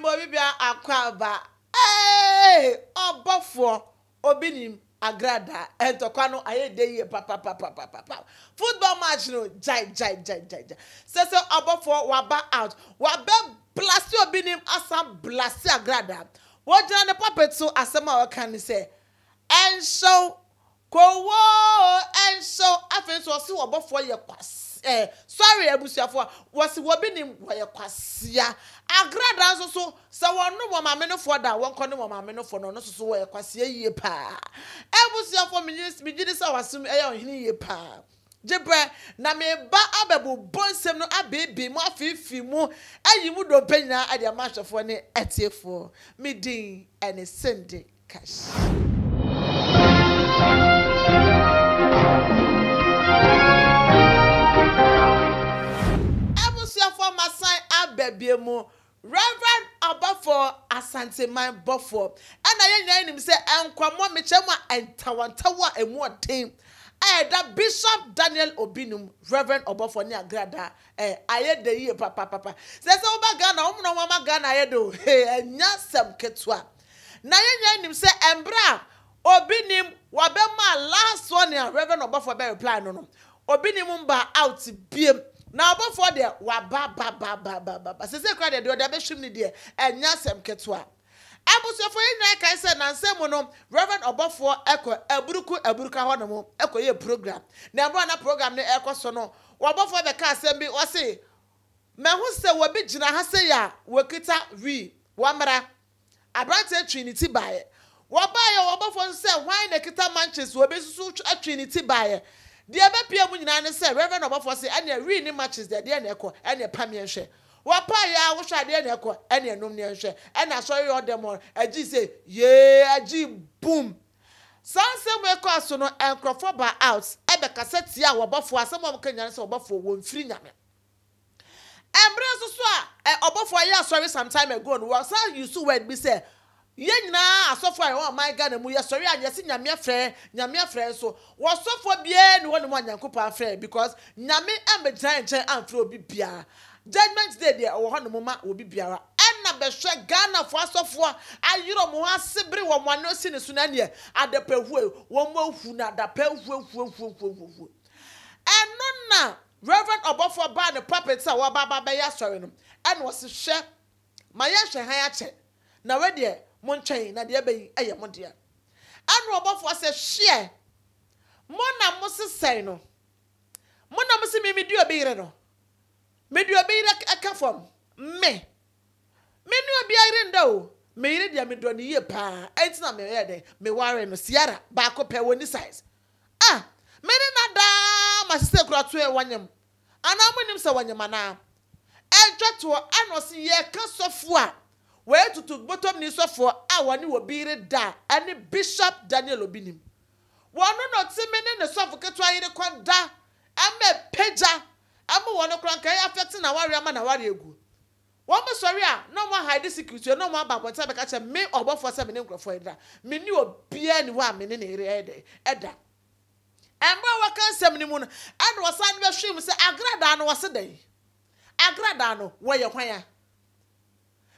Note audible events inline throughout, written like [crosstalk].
mmemmọ bi bia akɔ aba ee ɔbɔfoɔ obi nim agrada ntɔkwa no ayɛ de yie papapapapapa football match no gyae gyae gyae gyae gyae sɛsɛ ɔbɔfoɔ waba out wabɛ blase obi nim asan blase agrada wɔgyina ne pɔpɛ to asɛm a wɔka ne sɛ ɛnhyɛw kowo ɛnhyɛw afei nso ɔsi wɔbɔfoɔ yɛ kwasi. eh, sorry abusuafoɔ wɔsi wɔbi ni wɔyɛ kwasia agrada nso so sɛ wɔn no wɔn maame no foɔ da wɔn kɔ ne wɔn maame no foɔ no ɔno soso wɔyɛ kwasia yie paa ebusuafo mi gyi ni sɛ wɔasum ɛyɛ ɔhene yie paa gyebrɛ na meba abɛbobɔ nsɛm no abeebi mu afiifi mu ayi mu dompe nyinaa adi ama ahwɛfoɔ ne ɛtiefoɔ mi din ɛne sende cash. reverend abafo asanteman bɔfo ɛna yɛn nyinaa nim sɛ nkɔmɔ mekyɛ mu a ntawantawa a emu ɔten a yɛda bishop daniel obinum reverend ɔbɔfo ne agrada ɛɛ ayɛ de yie papapapa sɛ sɛ wɔba ghana wɔn mu na wɔn ama ghana ayɛ de o [laughs] hee ɛnya sɛm ketewa na yɛn nyinaa nim sɛ mbra obinim wabɛma last one a reverend ɔbɔfo bɛ reply no no obinim mba out biem. na abɔfoɔ deɛ wababababababa sese kora deɛ deɛ ɔde abɛhwim ne deɛ ɛnyɛ asɛm ketewa abusuafoɔ yi nyinaa kae sɛ nansa mu no reverend ɔbɔfoɔ ɛkɔ aburuku aburuka hɔ nom ɛkɔ yɛ program na ɛmɔ na program no ɛkɔ so no wɔbɔfoɔ bɛka asɛm bi wɔsi mɛho sɛ wɔbi gyina ha sɛ yɛ a wɔkita wi wɔmra aberanteɛ twi ne ti baeɛ wɔbaeɛ wɔbɔfoɔ nso sɛ hwan na kita manchester wɔbi nso atwi ne ti baeɛ deɛ ɛbɛpia mu nyinaa ne sɛ reverend ɔbɔfoɔ sɛ ɛnea wii ne matches deɛ deɛ na ɛkɔ ɛnea pam yɛn hwɛ wapaayɛ a wohwɛ adeɛ na ɛkɔ ɛnea nom yɛn hwɛ ɛna asɔre yɛ ɔdɛm ɔn agyi sɛ yee agyi boom saa nsɛm ɛkɔ so no nkurɔfoɔ ba out ɛbɛkasa tia wɔbɔfoɔ asɛm a wɔka nyane sɛ wɔbɔfoɔ wɔn mfiri nyame mmerɛ nso so a ɔbɔfoɔ yɛ asɔre time ago no wɔ saa yusu word bi sɛ yɛn nyinaa asɔfo a ɛwɔ ɔman ghana mu yɛsɔre a yɛsi nyame afrɛ nyame afrɛ nso wɔsɔfo biara ne wɔn mu a nyankopɔn afrɛ because nyame ɛmɛgyina nkyɛn amfrɛ obi biara judgment day deɛ ɛwɔ hɔnom ma obi biara ɛna bɛhwɛ ghanafo asɔfoɔ ayerɛ mo ho ase bere wɔn ano si ne so na neɛ adapɛhue wɔn mo ehu na adapɛhuehuehuehuehuehuehuehuehuehuehuehuehuehuehuehuehuehuehu ɛno na reverend ɔbɔfoɔ baa ne puppet a wɔaba abɛyɛ asɔre no ɛna wɔsi hwɛ ma yɛhwɛ han akyɛ na wɛdeɛ mo nkyɛn na deɛ ɛbɛyi ɛyɛ mo deɛ ɛna ɔbɔfoɔ sɛ hyeɛ mo na mo sesɛn no mo na mo si mi mi di obi yire no mi di obi yire ɛka fam me mi ni obi ayire nda o mi yire deɛ mi dɔ ne yie paa ɛnti na mi yɛ dɛ mi ware no siara baako pɛ wɔ ni size ah mi ni na daa ma sisɛ kura to yɛ wɔnyam anaa mo nim sɛ wɔnyam anaa ɛntwa ɛna ɔsi yɛ ka sɔfo a. wee tutu gbotomni sɔfoɔ a wɔne wɔ bi reda ne bishop daniel obi nim wɔno na ɔteme ne ne sɔfo ketewa yere kɔn da ama pagya ama wɔn kora nkae afɛte na wari ama na wari egu wɔn mo sɔre a na wɔn aha de sikiriti na wɔn aba abɔnten abɛka kyɛ me ɔbɔfoɔ sɛ me ne nkurɔfoɔ yɛda me ne obiara ni hɔ a me ne ne yere ɛda ɛda mmerɛ a wɔka nsɛm ne mu no ɛna wɔsan bɛhwɛ mu sɛ agradaa no wɔse dɛn agradaa no wọ hwan a.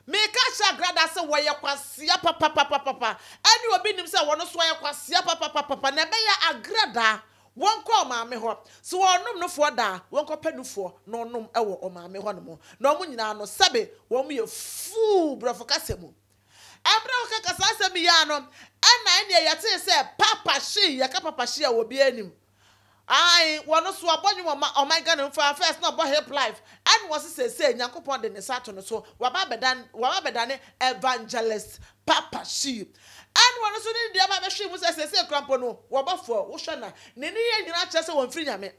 meka hyɛ agrada sɛ wɔyɛ kwasia papapapapa ɛne obi nim sɛ wɔn nso wɔyɛ kwasia papapapapa na ɛbɛyɛ agrada wɔn kɔ ɔmaame hɔ so wɔn nom nofoɔ daa wɔn kɔ pɛnufoɔ na ɔnom ɛwɔ ɔmaame hɔ nom na wɔn nyinaa no sɛbe wɔn yɛ fuu borɔfo kasa mu ɛbrɛ wɔka kasa asɛm yia no ɛna ɛne yɛte sɛ papa hye yɛka papa hye a wɔ bi anim ayi wɔn nso abɔ ne wɔn ɔman ghana nfa first na ɔbɔ hip life ɛna wɔn sise se nyankopɔn de ne sa to ne so wɔn abɛda ne evangelist papa shee ɛna wɔn nso ne deɛ ɔba abɛhwɛ mu sɛ sese kurampo no wɔbɔ fo wohwɛ na ne ne yɛ nyinaa kyerɛ sɛ wɔn mfiri nyame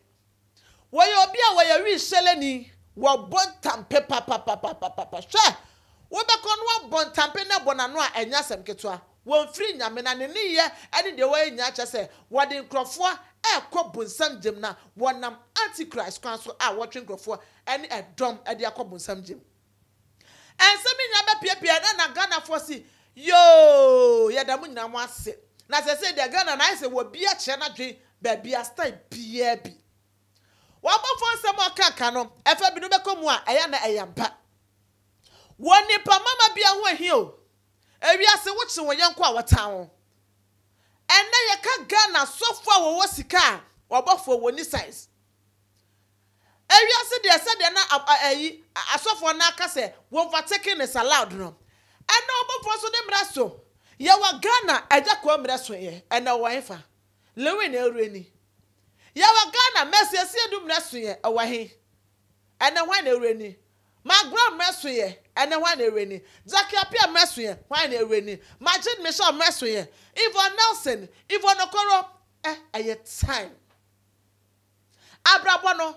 wɔyɛ obi a wɔyɛ wi hyɛlɛni wɔbɔ ntampe papapapapapa hwɛ wɔbɛkɔ no wɔbɔ ntampe na bɔ n'ano a ɛnyɛ asɛm ketewa wɔn firi nyame na ne neyɛ ɛne deɛ wɔyɛ nyinaa kyɛ sɛ wɔde nkurɔfoɔ ɛrekɔ bonsam gyem na wɔnam antichrist kwan so a wɔtwe nkurɔfoɔ ɛne ɛdɔm ɛde akɔ bonsam gyem ɛnsɛm nyinaa bɛpiapia na na ghanafoɔ si yoo yɛda mo nyinaa mo ase na sɛ sɛ deɛ ghana na ayɛ sɛ wɔ bia kyerɛ n'adwe baabi a style bi wɔn abɔfoɔ nsɛm a ɔkaaka no ɛfɛ binom bɛkɔ mu a ɛyɛ na ɛyɛ mpa wɔ nipa mama bi ahoɔhin o ewiase wokye wɔn yɛnko a wɔtan ho ɛnna yɛka ghana sɔfo a wɔwɔ sika a wɔbɔfo wɔ ni size ewiase deɛ sɛdeɛ na ayi asɔfo no aka sɛ wɔnfa taking is allowed no ɛnna wɔbɔfo so ne mmerɛ so yɛwɔ ghana ɛgya kɔɔ mmerɛ so yɛ ɛnna wɔn fa lewin na ewura ni yɛwɔ ghana mɛsi esi edu mmerɛ so yɛ ɛwɔ he ɛnna wɔn na ewura ni magbura mmeso yɛ ɛne hwan na ewɛ ni zakiapia mmeso yɛ hwan na ewɛ ni majid michel mmeso yɛ yvonne nelson yvonne e okoro ɛ ɛyɛ time abrabɔ no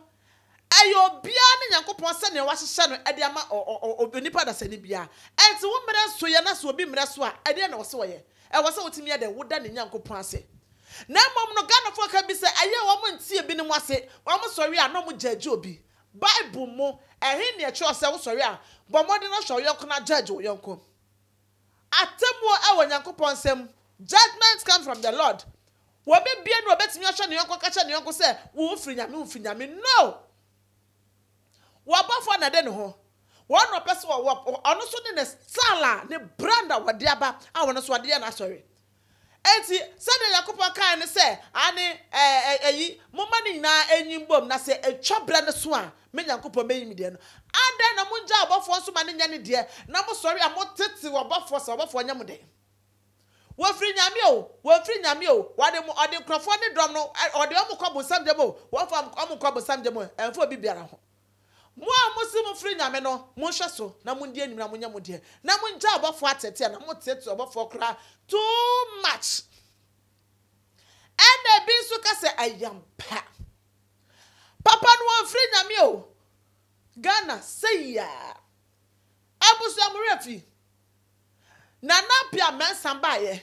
ɛyɛ obiara ne nyankopɔn sɛnea wahyehyɛ no ɛde ama ɔ nipa dasani biara ɛnti wo mmerɛ so yɛ na so obi mmerɛ so a ɛdeɛ na wɔsɛ wɔyɛ ɛwɔ sɛ wotumi yɛ dɛ woda ne nyankopɔn ase na mmom no ghanafoɔ ka bi sɛ ɛyɛ wɔn ntie bi ne mu ase wɔn sɔre a na wɔn gya agye obi bible mu ɛhe na ɛkyerɛ sɛ wosɔre a bɔ mmɔden na judge wo yɔnko atemmuo ɛwɔ nyankopɔn nsam judgement come from the lord wɔbɛ bie no wɔbɛtumi ahwɛ ne yɔnko kakyɛ ne yɔnko no na ne ho wɔn na nso ne ne style a ne brand a wɔde nso wɔde yɛ n'asɔre eti sɛ ane ɛɛ ɛyi ne enyi mbom na sɛ etwa brɛ ne a me nyankopɔn meyi mi deɛ no adan na mo ngya ɔbɔfoɔ nso ma ne nya ne deɛ na mo sɔre a mo tete ɔbɔfoɔ sɛ ɔbɔfoɔ mo deɛ wofiri o wofiri nyame o wɔde ɔde nkurɔfoɔ ne dɔm no eh, ɔde ɔmo kɔ o ɔmo o ɛnfo bi biara ho mo a mo si mo firi nyame no mo so na mo di enim na mo na mo ɔbɔfoɔ ɛna ebi nso kasa ayampa papa no wɔmfiri nyame o ghana seya abusuamura fi nana apia mɛnsa baayɛ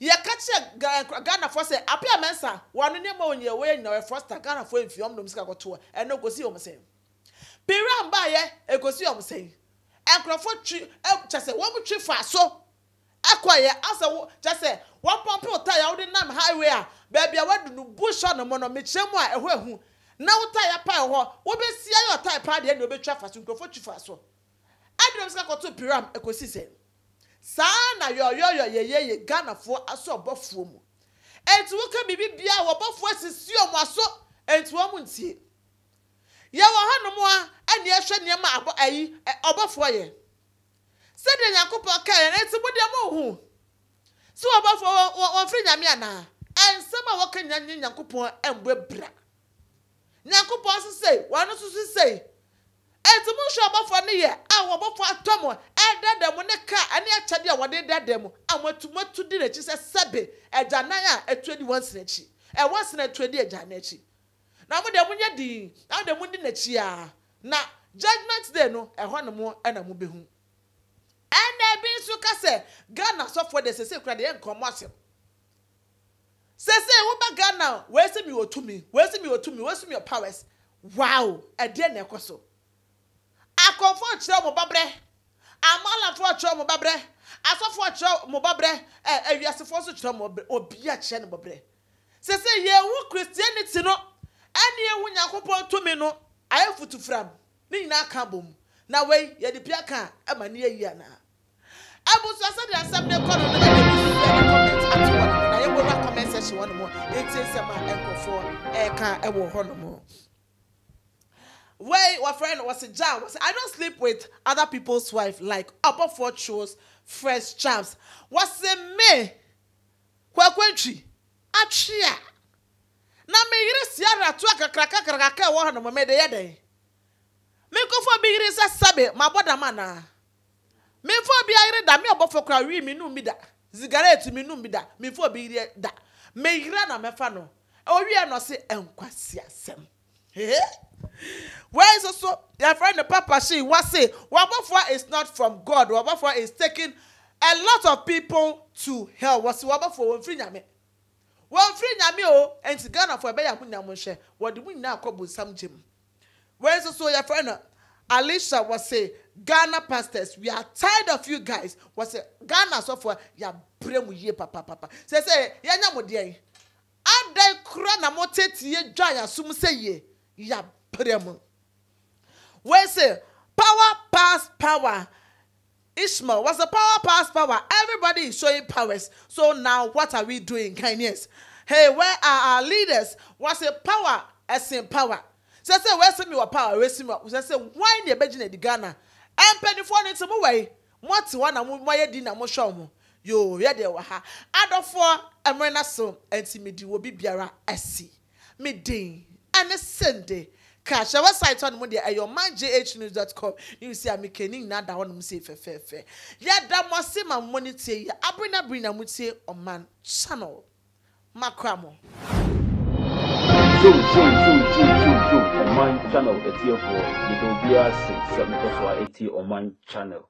yɛka kyerɛ ghanafoɔ sɛ apia mɛnsa wɔn nneɛma onyɛ wɔyɛ nyina wɔyɛ fɔsta ghanafoɔ mfi wɔn nom sika kɔtoɔ ɛna okosi wɔn sɛn piram baayɛ ekosi wɔn sɛn nkurɔfoɔ twi ɛkyɛ sɛ wɔn twi fa so. ɛkɔ yɛ asɛ kyɛ sɛ wɔpɔmpɔ ta yɛ wɔde nam highway a beebi a wɔde no bush hɔ nom no mekyerɛ mu a ɛhɔ ehu na wo ta yɛ paa hɔ wɔbɛsi ayɛ ɔta yɛ paa deɛ na wɔbɛtwa fa so nkurɔfoɔ twi fa so ɛde wɔn sika kɔto piram ekosi sɛ saa na yɔyɔyɔ yɛyɛyɛ ghanafoɔ asɔ ɔbɔfoɔ mu etu woka biribi bia wɔbɔfoɔ sisi wɔn aso etu wɔn ntie yɛwɔ hɔnom a ɛna ɛhwɛ nneɛma abɔ ɛyi ɔbɔfoɔ yɛ. sɛdeɛ nyankopɔn kaeɛ no nti modeɛ mohu sɛ wɔbɔfoɔ wɔmfiri nyame anaa ɛnsɛm a wɔka nyina nye nyankopɔn ɛmbɔ bra nyankopɔn so sei wɔno nso so sei ɛnti mohwɛ ɔbɔfoɔ no yɛ a wɔbɔfoɔ atɔ mo ɛdada mu ne ka ɛne akyɛdeɛ a wɔde dada mu a moatumatu di n'akyi sɛ sɛbe agyanan a ɛtu adi wɔn sena akyi ɛwɔ sena atu adi agyanan akyi na mo deɛ monyɛ dii na mo deɛ modi n'akyi a na judgement day no ɛhɔ nom ɛna ɛna ebi nso kasɛ ghana sɔfoɔ de sese kura de yɛ nkɔmɔ ahyɛ sese woba ghana wɔasi mi wɔ tumi wɔasi mi wɔ tumi wɔasi mi wɔ powers wow ɛdeɛ na ɛkɔ so akɔnfo kyerɛ wɔn babrɛ amalanfoɔ kyerɛ wɔn babrɛ asɔfoɔ kyerɛ wɔn babrɛ ɛ ɛwiasefoɔ nso kyerɛ wɔn babrɛ obiara kyerɛ ne babrɛ sese yɛn ho christianity no ɛne ewu ho nyankopɔn tumi no ayɛ futufuram ne nyinaa ka bom na wei yɛde pia ka ama ne yɛ yi anaa. abusua sɛ deɛ asɛm de kɔ no no yɛde bi yɛde comment ato hɔ nom na yɛbɔ ba comment section hɔ nom ɛnti nsɛm a nkurɔfoɔ ɛreka ɛwɔ hɔ nom wey wɔfrɛ no wɔsi jam wɔsi i don't sleep with other people's wife like abɔfoɔ chos fresh champs. Was a me kwakwantwi atwea na meyere siara to akakrakakraka ɛwɔ hɔ nom mɛde yɛ dɛn mekɔfoɔ bi yere sɛ sɛbe mabɔ dam anaa mmefu obi ayere da me ọbọfọ kura wi mi num bi da zigareti mi num bi da mmefu obi yire da meyira na mefa no owie no se nkwasi asɛm wei soso yɛfrɛ ne papa hyee wase wɔbɔfoɔ is not from god wɔbɔfoɔ is taking a lot of people to hell wɔsi wɔbɔfoɔ wɔmfiri nyame wɔmfiri nyame o nti ghanafoɔ ɛbɛyɛ ahonya mo nhwɛ wɔde mu nyinaa akɔ bonsam gye mu wei soso yɛfrɛ no Alicia was say Ghana pastors, we are tired of you guys. Was say Ghana so for ya bremu ye papa papa. Say say ya nya mo dey. Adai kura na mo tetie dwa sumu sum say ye ya bremu. We say power pass power. Ishmael was a power pass power. Everybody is showing powers. So now what are we doing, kindness? Hey, where are our leaders? Was a power as in power sɛ sɛ wɔasi mi wɔ pa a wɔasi mi wɔ sɛ sɛ wɔn na ɛbɛgyina di ghana mpanyinfoɔ no nti mo wɔ yi mo ate hɔ na mo mo ayɛ di na mo hwɛ ɔmo yoo yɛ deɛ wɔ ha adɔfoɔ mmerɛ na so nti mi di wɔ bi biara asi mi den ɛne sende kahyɛ website hɔ nom deɛ ɛyɛ eh, ɔman jhnews dot com ne wusi amikani na da hɔ nom se fɛfɛɛfɛ da mo si ma mo ne tie yɛ abenabere na mo tie ɔman channel makora mo. Zoom, zoom, zoom, zoom, zoom bio ɔman channel ɛteɛfoɔ yɛda obiara se sɛ mokɔ so a ɛtie ɔman channel